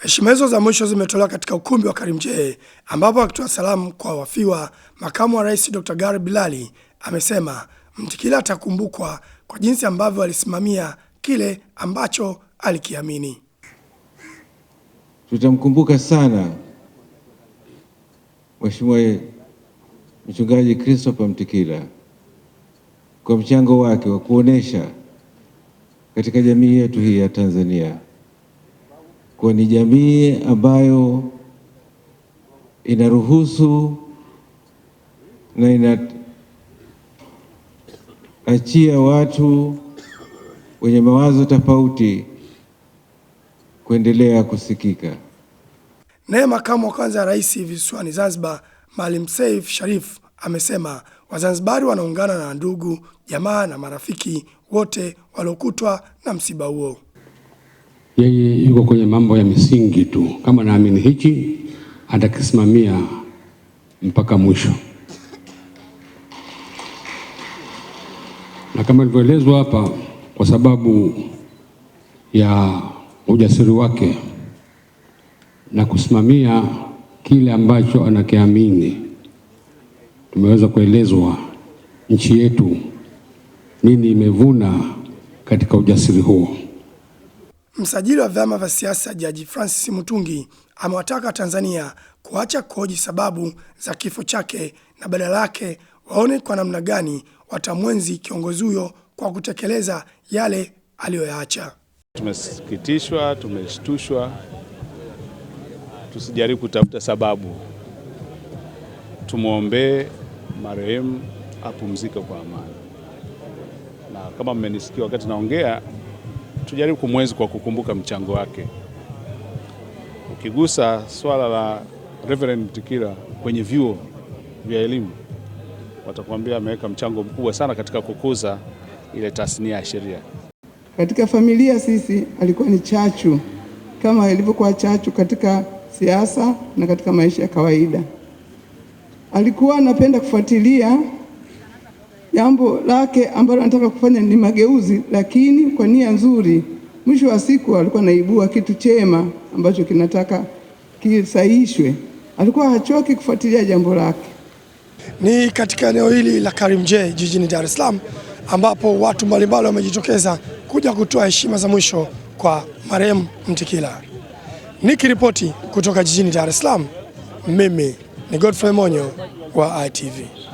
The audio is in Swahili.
Heshima hizo za mwisho zimetolewa katika ukumbi wa Karimjee ambapo akitoa salamu kwa wafiwa, makamu wa rais Dr. Gari Bilali amesema Mtikila atakumbukwa kwa jinsi ambavyo alisimamia kile ambacho alikiamini. Tutamkumbuka sana Mheshimiwa Mchungaji Christopher Mtikila kwa mchango wake wa kuonesha katika jamii yetu hii ya Tanzania kuwa ni jamii ambayo inaruhusu na inaachia watu wenye mawazo tofauti kuendelea kusikika. Naye makamu wa kwanza ya rais visiwani Zanzibar, Maalim Seif Sharif amesema Wazanzibari wanaungana na ndugu, jamaa na marafiki wote waliokutwa na msiba huo yeye yuko kwenye mambo ya misingi tu. Kama naamini hichi, atakisimamia mpaka mwisho, na kama ilivyoelezwa hapa, kwa sababu ya ujasiri wake na kusimamia kile ambacho anakiamini, tumeweza kuelezwa nchi yetu nini imevuna katika ujasiri huo. Msajili wa vyama vya siasa Jaji Francis Mutungi amewataka Tanzania kuacha kuhoji sababu za kifo chake na badala yake waone kwa namna gani watamwenzi kiongozi huyo kwa kutekeleza yale aliyoyaacha. Tumesikitishwa, tumeshtushwa. Tusijaribu kutafuta sababu, tumwombee marehemu apumzike kwa amani, na kama mmenisikia wakati naongea tujaribu kumwenzi kwa kukumbuka mchango wake. Ukigusa swala la Reverend Tikila kwenye vyuo vya elimu, watakuambia ameweka mchango mkubwa sana katika kukuza ile tasnia ya sheria katika familia. Sisi alikuwa ni chachu kama ilivyokuwa chachu katika siasa na katika maisha ya kawaida. Alikuwa anapenda kufuatilia Jambo lake ambalo anataka kufanya ni mageuzi, lakini kwa nia nzuri. Mwisho wa siku alikuwa anaibua kitu chema ambacho kinataka kisaishwe, Alikuwa hachoki kufuatilia jambo lake. Ni katika eneo hili la Karimjee jijini Dar es Salaam ambapo watu mbalimbali wamejitokeza kuja kutoa heshima za mwisho kwa marehemu Mtikila. Nikiripoti kutoka jijini Dar es Salaam, mimi ni Godfrey Monyo wa ITV.